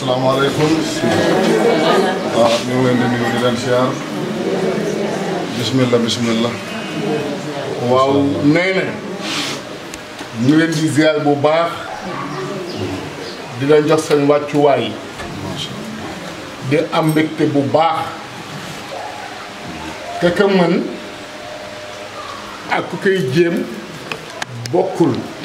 salaamaaleykum waaw ah, ñu ngi leen di nuyu di leen bismillah bismillah waaw nee na ñu ngi leen bu baax di leen jox seen wàccuwaay di am mbégte bu baax te mën ak ku koy jéem bokkul